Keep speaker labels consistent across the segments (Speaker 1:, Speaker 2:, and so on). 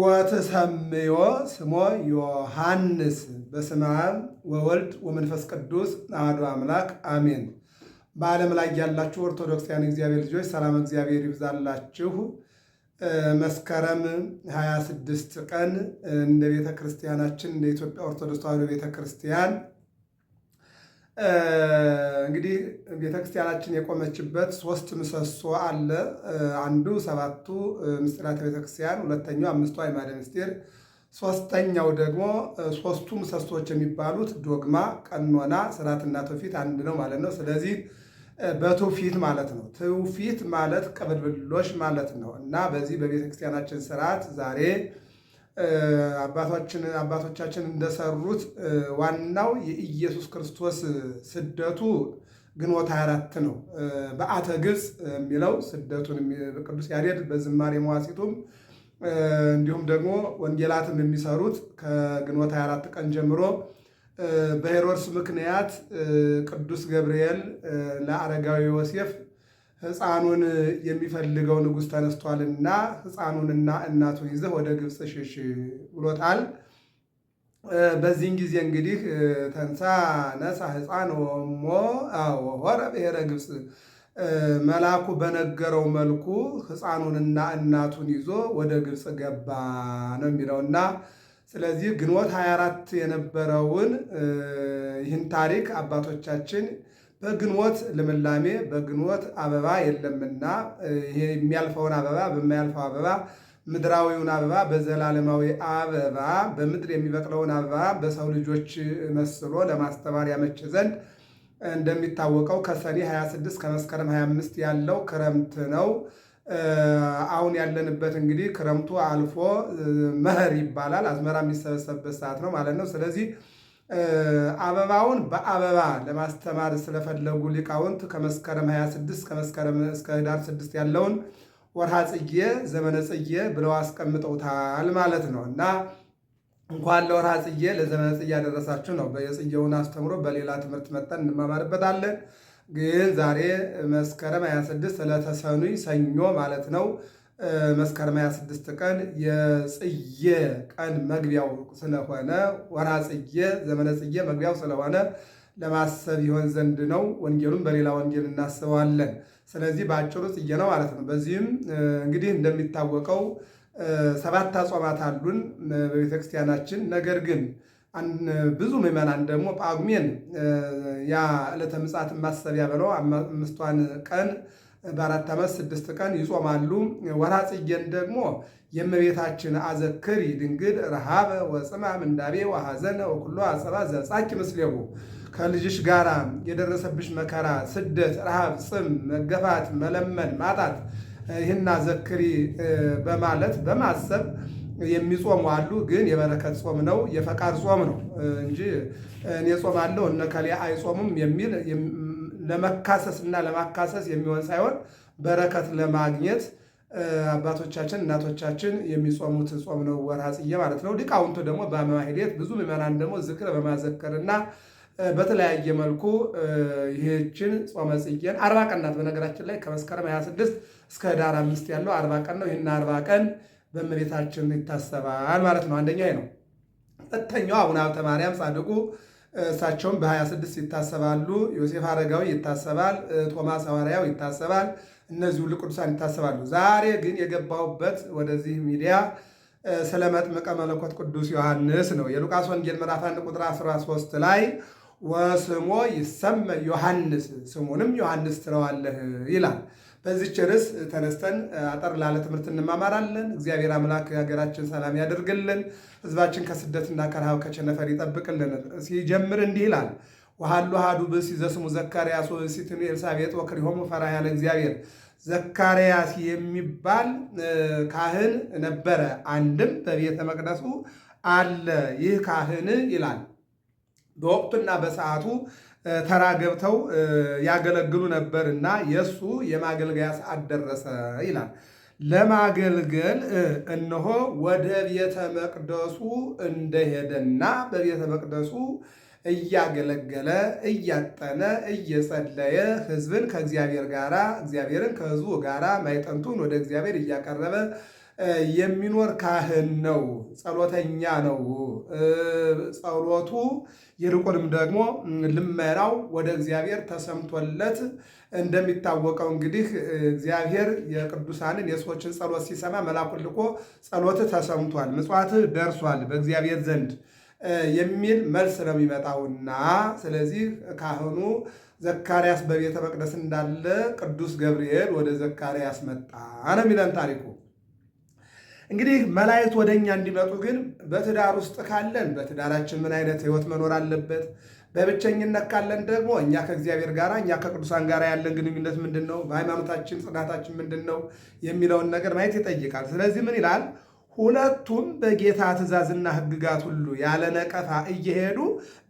Speaker 1: ወትሰምዮ ስሞ ዮሐንስ በስመ አብ ወወልድ ወመንፈስ ቅዱስ አሐዱ አምላክ አሜን። በዓለም ላይ ያላችሁ ኦርቶዶክሳውያን እግዚአብሔር ልጆች ሰላም እግዚአብሔር ይብዛላችሁ። መስከረም 26 ቀን እንደ ቤተ ክርስቲያናችን እንደ ኢትዮጵያ ኦርቶዶክስ ተዋሕዶ ቤተ ክርስቲያን እንግዲህ ቤተክርስቲያናችን የቆመችበት ሶስት ምሰሶ አለ። አንዱ ሰባቱ ምስጢራተ ቤተክርስቲያን፣ ሁለተኛው አምስቱ አዕማደ ምስጢር፣ ሶስተኛው ደግሞ ሶስቱ ምሰሶች የሚባሉት ዶግማ፣ ቀኖና፣ ስርዓትና ትውፊት አንድ ነው ማለት ነው። ስለዚህ በትውፊት ማለት ነው። ትውፊት ማለት ቅብብሎሽ ማለት ነው እና በዚህ በቤተክርስቲያናችን ስርዓት ዛሬ አባቶችን አባቶቻችን እንደሰሩት ዋናው የኢየሱስ ክርስቶስ ስደቱ ግንቦት 24 ነው። በአተ ግብፅ የሚለው ስደቱን ቅዱስ ያሬድ በዝማሬ መዋሲቱም እንዲሁም ደግሞ ወንጌላትም የሚሰሩት ከግንቦት 24 ቀን ጀምሮ በሄሮድስ ምክንያት ቅዱስ ገብርኤል ለአረጋዊ ዮሴፍ ሕፃኑን የሚፈልገው ንጉሥ ተነስቷልና ሕፃኑንና እናቱን ይዘህ ወደ ግብፅ ሽሽ ብሎታል። በዚህን ጊዜ እንግዲህ ተንሳ ነሳ ሕፃን ወሞ ወረ ብሔረ ግብፅ መልአኩ በነገረው መልኩ ሕፃኑንና እናቱን ይዞ ወደ ግብፅ ገባ ነው የሚለውና ስለዚህ ግንቦት 24 የነበረውን ይህን ታሪክ አባቶቻችን በግንቦት ልምላሜ በግንቦት አበባ የለምና የሚያልፈውን አበባ በማያልፈው አበባ ምድራዊውን አበባ በዘላለማዊ አበባ በምድር የሚበቅለውን አበባ በሰው ልጆች መስሎ ለማስተማር ያመች ዘንድ እንደሚታወቀው ከሰኔ 26 ከመስከረም 25 ያለው ክረምት ነው። አሁን ያለንበት እንግዲህ ክረምቱ አልፎ መኸር ይባላል። አዝመራ የሚሰበሰብበት ሰዓት ነው ማለት ነው። ስለዚህ አበባውን በአበባ ለማስተማር ስለፈለጉ ሊቃውንት ከመስከረም 26 ከመስከረም እስከ ኅዳር 6 ያለውን ወርሃ ጽጌ ዘመነ ጽጌ ብለው አስቀምጠውታል ማለት ነው እና እንኳን ለወርሃ ጽጌ ለዘመነ ጽጌ ያደረሳችሁ ነው። የጽጌውን አስተምሮ በሌላ ትምህርት መጠን እንማማርበታለን። ግን ዛሬ መስከረም 26 ዕለተ ሰኞ ማለት ነው። መስከረም 26 ቀን የጽጌ ቀን መግቢያው ስለሆነ ወርሃ ጽጌ ዘመነ ጽጌ መግቢያው ስለሆነ ለማሰብ ይሆን ዘንድ ነው። ወንጌሉን በሌላ ወንጌል እናስበዋለን። ስለዚህ በአጭሩ ጽጌ ነው ማለት ነው። በዚህም እንግዲህ እንደሚታወቀው ሰባት አጾማት አሉን በቤተክርስቲያናችን። ነገር ግን ብዙ ምዕመናን ደግሞ ጳጉሜን ያ ዕለተ ምጽአት ማሰቢያ ብለው አምስቷን ቀን በአራት ዓመት ስድስት ቀን ይጾማሉ። ወርኃ ጽጌን ደግሞ የእመቤታችን አዘክሪ ድንግል ረሃብ ወጽማ ምንዳቤ ወሐዘነ ወኩሎ አጽባ ዘጻኪ ምስሌሁ ከልጅሽ ጋራ የደረሰብሽ መከራ፣ ስደት፣ ረሃብ፣ ጽም፣ መገፋት፣ መለመን፣ ማጣት ይህና ዘክሪ በማለት በማሰብ የሚጾሙ አሉ። ግን የበረከት ጾም ነው፣ የፈቃድ ጾም ነው እንጂ እኔ ጾም አለው እነ ከሊያ አይጾሙም የሚል ለመካሰስ እና ለማካሰስ የሚሆን ሳይሆን በረከት ለማግኘት አባቶቻችን እናቶቻችን የሚጾሙት ጾም ነው፣ ወርሃ ጽጌ ማለት ነው። ሊቃውንቱ ደግሞ በማሄዴት ብዙ ምዕመናን ደግሞ ዝክር በማዘከር እና በተለያየ መልኩ ይህችን ጾመ ጽጌን አርባ ቀን ናት። በነገራችን ላይ ከመስከረም 26 እስከ ህዳር አምስት ያለው አርባ ቀን ነው። ይህን አርባ ቀን በእመቤታችን ይታሰባል ማለት ነው። አንደኛ ነው። ሁለተኛው አቡነ ሀብተ ማርያም ጻድቁ እሳቸውም በ26 ይታሰባሉ። ዮሴፍ አረጋዊ ይታሰባል። ቶማስ ሐዋርያው ይታሰባል። እነዚህ ሁሉ ቅዱሳን ይታሰባሉ። ዛሬ ግን የገባሁበት ወደዚህ ሚዲያ ስለ መጥምቀ መለኮት ቅዱስ ዮሐንስ ነው። የሉቃስ ወንጌል ምዕራፍ 1 ቁጥር 13 ላይ ወስሞ ይሰመ ዮሐንስ ስሙንም ዮሐንስ ትለዋለህ ይላል። በዚች ርዕስ ተነስተን አጠር ላለ ትምህርት እንማማራለን። እግዚአብሔር አምላክ ሀገራችን ሰላም ያደርግልን፣ ከስደት እና ከረሃብ ከቸነፈር ይጠብቅልን። ሲጀምር እንዲህ ይላል ወሃሉ ሃዱ ብእሲ ዘስሙ ዘካርያስ ወብእሲትኑ ኤልሳቤጥ ወክሪሆሙ ፈራያነ እግዚአብሔር። ዘካርያስ የሚባል ካህን ነበረ፣ አንድም በቤተ መቅደሱ አለ። ይህ ካህን ይላል በወቅቱና በሰዓቱ ተራ ገብተው ያገለግሉ ነበር እና የእሱ የማገልገያ ሰዓት ደረሰ ይላል። ለማገልገል እነሆ ወደ ቤተ መቅደሱ እንደሄደና በቤተ መቅደሱ እያገለገለ እያጠነ እየጸለየ ህዝብን ከእግዚአብሔር ጋራ እግዚአብሔርን ከህዝቡ ጋራ ማይጠንቱን ወደ እግዚአብሔር እያቀረበ የሚኖር ካህን ነው፣ ጸሎተኛ ነው። ጸሎቱ ይልቁንም ደግሞ ልመናው ወደ እግዚአብሔር ተሰምቶለት እንደሚታወቀው እንግዲህ እግዚአብሔር የቅዱሳንን የሰዎችን ጸሎት ሲሰማ መላኩን ልኮ ጸሎት ተሰምቷል፣ ምጽዋት ደርሷል በእግዚአብሔር ዘንድ የሚል መልስ ነው የሚመጣውና ስለዚህ ካህኑ ዘካርያስ በቤተ መቅደስ እንዳለ ቅዱስ ገብርኤል ወደ ዘካርያስ መጣ ነው የሚለን ታሪኩ። እንግዲህ መላእክት ወደ እኛ እንዲመጡ ግን በትዳር ውስጥ ካለን በትዳራችን ምን አይነት ህይወት መኖር አለበት? በብቸኝነት ካለን ደግሞ እኛ ከእግዚአብሔር ጋር እኛ ከቅዱሳን ጋር ያለን ግንኙነት ምንድን ነው? በሃይማኖታችን ጽናታችን ምንድን ነው የሚለውን ነገር ማየት ይጠይቃል። ስለዚህ ምን ይላል? ሁለቱም በጌታ ትእዛዝና ህግጋት ሁሉ ያለ ነቀፋ እየሄዱ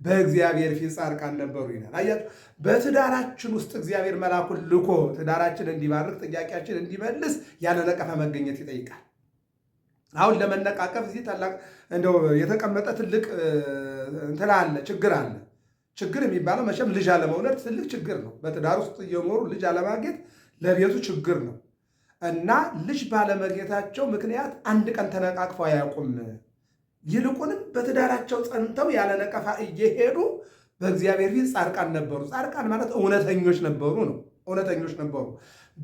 Speaker 1: በእግዚአብሔር ፊት ጻድቃን ነበሩ ይላል። አያችሁ፣ በትዳራችን ውስጥ እግዚአብሔር መላኩን ልኮ ትዳራችን እንዲባርክ ጥያቄያችን እንዲመልስ ያለ ነቀፋ መገኘት ይጠይቃል። አሁን ለመነቃቀፍ እዚህ ታላቅ እንደው የተቀመጠ ትልቅ እንትን አለ፣ ችግር አለ። ችግር የሚባለው መቼም ልጅ አለመውለድ ትልቅ ችግር ነው። በትዳር ውስጥ እየኖሩ ልጅ አለማግኘት ለቤቱ ችግር ነው እና ልጅ ባለመጌታቸው ምክንያት አንድ ቀን ተነቃቅፈው አያውቁም። ይልቁንም በትዳራቸው ጸንተው ያለ ነቀፋ እየሄዱ በእግዚአብሔር ፊት ጻድቃን ነበሩ። ጻድቃን ማለት እውነተኞች ነበሩ ነው። እውነተኞች ነበሩ።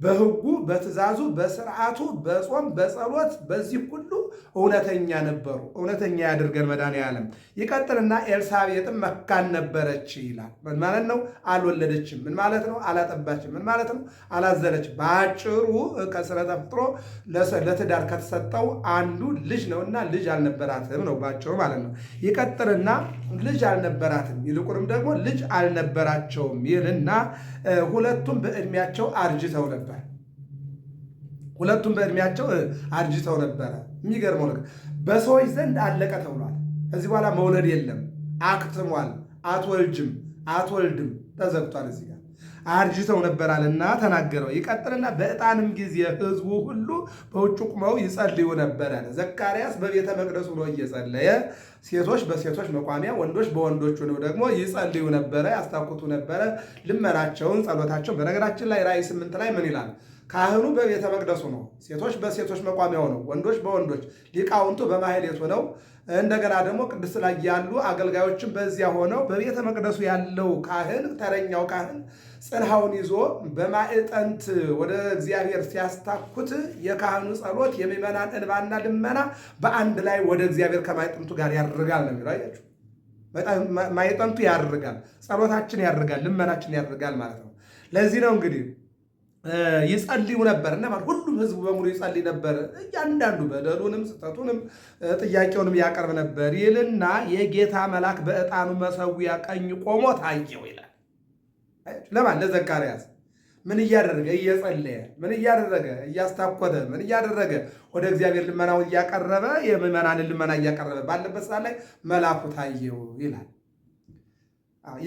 Speaker 1: በህጉ በትእዛዙ በስርዓቱ በጾም በጸሎት በዚህ ሁሉ እውነተኛ ነበሩ። እውነተኛ ያድርገን መድኃኔዓለም። ይቀጥልና ኤልሳቤጥም መካን ነበረች ይላል። ምን ማለት ነው? አልወለደችም። ምን ማለት ነው? አላጠባችም። ምን ማለት ነው? አላዘለችም። በአጭሩ ከሥነ ተፈጥሮ ለትዳር ከተሰጠው አንዱ ልጅ ነውና ልጅ አልነበራትም ነው ባጭሩ ማለት ነው። ይቀጥልና ልጅ አልነበራትም፣ ይልቁንም ደግሞ ልጅ አልነበራቸውም ይልና ሁለቱም በእድሜያቸው አርጅተው ነበር። ሁለቱም በእድሜያቸው አርጅተው ነበረ። የሚገርመው ነገር በሰዎች ዘንድ አለቀ ተብሏል። ከዚህ በኋላ መውለድ የለም፣ አክትሟል፣ አትወልጅም፣ አትወልድም፣ ተዘግቷል እዚህ አርጅተው ነበራልና ተናገረው። ይቀጥልና በዕጣንም ጊዜ ህዝቡ ሁሉ በውጭ ቁመው ይጸልዩ ነበረ። ዘካርያስ በቤተ መቅደሱ ሆኖ እየጸለየ ሴቶች በሴቶች መቋሚያ፣ ወንዶች በወንዶቹ ነው ደግሞ ይጸልዩ ነበረ፣ ያስታኩቱ ነበረ ልመናቸውን፣ ጸሎታቸውን። በነገራችን ላይ ራእይ ስምንት ላይ ምን ይላል? ካህኑ በቤተ መቅደሱ ነው፣ ሴቶች በሴቶች መቋሚያ ሆነው፣ ወንዶች በወንዶች ሊቃውንቱ በማህሌት ሆነው እንደገና ደግሞ ቅድስት ላይ ያሉ አገልጋዮችን በዚያ ሆነው በቤተ መቅደሱ ያለው ካህን ተረኛው ካህን ጽንሐውን ይዞ በማዕጠንት ወደ እግዚአብሔር ሲያስታኩት የካህኑ ጸሎት የምዕመናን እንባና ልመና በአንድ ላይ ወደ እግዚአብሔር ከማዕጠንቱ ጋር ያርጋል ነው የሚለው። አያችሁ፣ ማዕጠንቱ ያርጋል፣ ጸሎታችን ያርጋል፣ ልመናችን ያርጋል ማለት ነው። ለዚህ ነው እንግዲህ ይጸልዩ ነበር እና ማለት ሁሉም ህዝቡ በሙሉ ይጸልይ ነበር። እያንዳንዱ በደሉንም ስጠቱንም ጥያቄውንም ያቀርብ ነበር ይልና የጌታ መልአክ በዕጣኑ መሰዊያ ቀኝ ቆሞ ታየው ይላል። ለማን ለዘካርያስ ምን እያደረገ እየጸለየ ምን እያደረገ እያስታኮተ ምን እያደረገ ወደ እግዚአብሔር ልመናው እያቀረበ የምዕመናንን ልመና እያቀረበ ባለበት ሰዓት ላይ መልአኩ ታየው ይላል።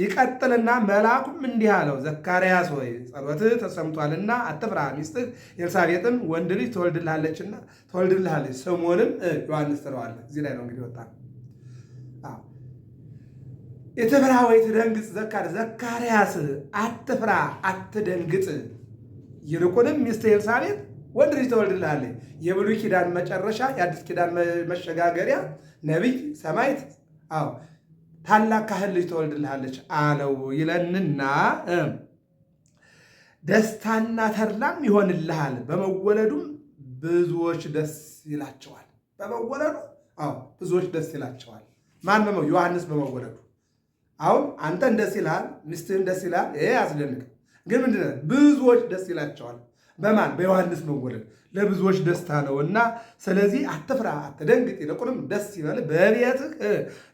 Speaker 1: ይቀጥልና መልአኩም እንዲህ አለው ዘካርያስ ሆይ ጸሎትህ ተሰምቷልና አትፍራ፣ ሚስትህ ኤልሳቤጥም ወንድ ልጅ ትወልድልሃለችና ትወልድልሃለች፣ ስሙንም ዮሐንስ ትለዋለህ። እዚህ ላይ ነው እንግዲህ ወጣ ወይ ደንግጽ ዘካር ዘካርያስ አትፍራ አትደንግጥ፣ ይልቁንም ሚስት ኤልሳቤት ወንድ ልጅ ተወልድልሃለች። የብሉይ ኪዳን መጨረሻ፣ የአዲስ ኪዳን መሸጋገሪያ ነቢይ ሰማይት አዎ ታላቅ ካህን ልጅ ተወልድልሃለች አለው ይለንና ደስታና ተድላም ይሆንልሃል፣ በመወለዱም ብዙዎች ደስ ይላቸዋል። በመወለዱ አዎ ብዙዎች ደስ ይላቸዋል። ማን ነው? ዮሐንስ በመወለዱ አሁን አንተን ደስ ይልሃል፣ ሚስትህን ደስ ይልሃል። ይሄ አስደንቅ ግን ምንድን ብዙዎች ደስ ይላቸዋል። በማን በዮሐንስ መወለድ ለብዙዎች ደስታ ነው እና ስለዚህ አትፍራ፣ አትደንግጥ፣ ይልቁንም ደስ ይበል፣ በቤትህ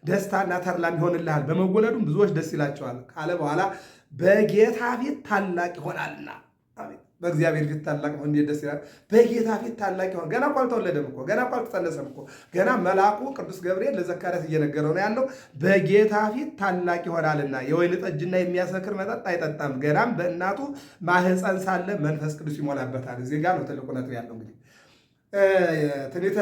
Speaker 1: ደስታና ተድላም ይሆንልሃል፣ በመወለዱም ብዙዎች ደስ ይላቸዋል ካለ በኋላ በጌታ ፊት ታላቅ ይሆናልና በእግዚአብሔር ፊት ታላቅ ነው፣ እንዴት ደስ ይላል! በጌታ ፊት ታላቅ ይሆን። ገና እኮ አልተወለደም እኮ ገና እኮ አልተጸነሰም እኮ ገና መልአኩ ቅዱስ ገብርኤል ለዘካርያስ እየነገረው ነው ያለው። በጌታ ፊት ታላቅ ይሆናልና የወይን ጠጅና የሚያሰክር መጠጥ አይጠጣም፣ ገናም በእናቱ ማህፀን ሳለ መንፈስ ቅዱስ ይሞላበታል። እዚህ ጋር ነው ትልቁ ነጥብ ያለው። እንግዲህ ትንቢተ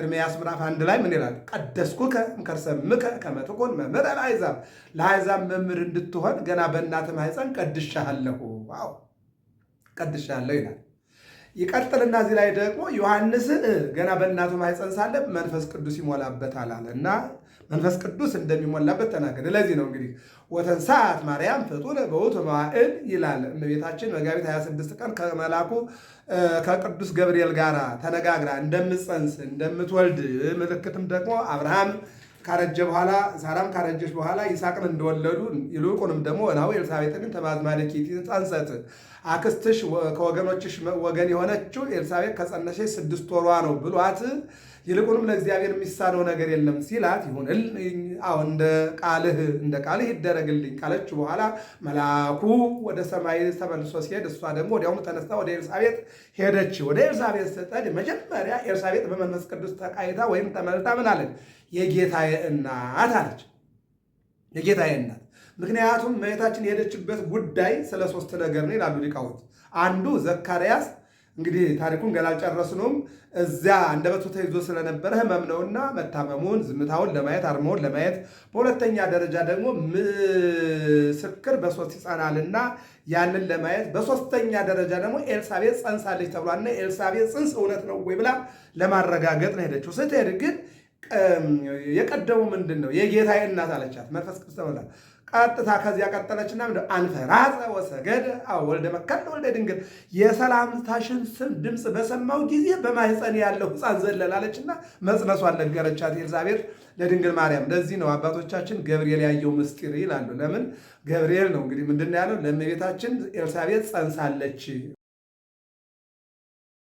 Speaker 1: ኤርምያስ ምዕራፍ አንድ ላይ ምን ይላል? ቀደስኩከ እምከርሰምከ ከመ ትኩን መምህረ ለአሕዛብ ለአሕዛብ መምህር እንድትሆን ገና በእናትህ ማህፀን ቀድሻሃለሁ። ዋው ቀድሻለሁ ይላል። ይቀጥልና እዚህ ላይ ደግሞ ዮሐንስ ገና በእናቱ ማኅፀን ሳለ መንፈስ ቅዱስ ይሞላበታል አለ እና መንፈስ ቅዱስ እንደሚሞላበት ተናገረ። ለዚህ ነው እንግዲህ ወተንሳት ማርያም ፍጡር በውእቱ መዋዕል ይላል። እመቤታችን መጋቢት 26 ቀን ከመላኩ ከቅዱስ ገብርኤል ጋር ተነጋግራ እንደምትፀንስ እንደምትወልድ ምልክትም ደግሞ አብርሃም ካረጀ በኋላ ሳራም ካረጀች በኋላ ይስሐቅን እንደወለዱ ይልቁንም ደግሞ ናሁ ኤልሳቤጥን ተባዝማደኪቲ ጸንሰት አክስትሽ ከወገኖችሽ ወገን የሆነችው ኤልሳቤጥ ከጸነሸች ስድስት ወሯ ነው ብሏት ይልቁንም ለእግዚአብሔር የሚሳነው ነገር የለም ሲላት ይሁንልኝ፣ አዎ እንደ ቃልህ እንደ ቃልህ ይደረግልኝ ካለችው በኋላ መልአኩ ወደ ሰማይ ተመልሶ ሲሄድ እሷ ደግሞ ወዲያውም ተነስታ ወደ ኤልሳቤጥ ሄደች። ወደ ኤልሳቤጥ ስትሄድ መጀመሪያ ኤልሳቤጥ በመንፈስ ቅዱስ ተቃይታ ወይም ተመልታ ምን አለች? የጌታዬ እናት አለች። የጌታዬ እናት ምክንያቱም መቤታችን የሄደችበት ጉዳይ ስለ ሶስት ነገር ነው ይላሉ ሊቃውንት። አንዱ ዘካርያስ እንግዲህ ታሪኩን ገና አልጨረስንም። እዚያ አንደበቱ ተይዞ ስለነበረ ህመም ነውና መታመሙን፣ ዝምታውን ለማየት አርመውን ለማየት በሁለተኛ ደረጃ ደግሞ ምስክር በሶስት ይጸናልና ያንን ለማየት በሶስተኛ ደረጃ ደግሞ ኤልሳቤጥ ጸንሳለች ተብሏልና ኤልሳቤጥ ጽንስ እውነት ነው ወይ ብላ ለማረጋገጥ ነው ሄደችው። ስትሄድ ግን የቀደሙ ምንድን ነው የጌታዬ እናት አለቻት መንፈስ ቅዱስ ቀጥታ ከዚያ ቀጠለችና ምንድን አንፈራጸ ወሰገደ ወልደ መከል ወልደ ድንግል የሰላምታሽን ስም ድምፅ በሰማው ጊዜ በማህፀን ያለው ሕፃን ዘለለ አለችና መጽነሷን ነገረቻት ኤልዛቤት ለድንግል ማርያም። ለዚህ ነው አባቶቻችን ገብርኤል ያየው ምስጢር ይላሉ። ለምን ገብርኤል ነው እንግዲህ ምንድን ያለው ለእመቤታችን ኤልሳቤት ጸንሳለች።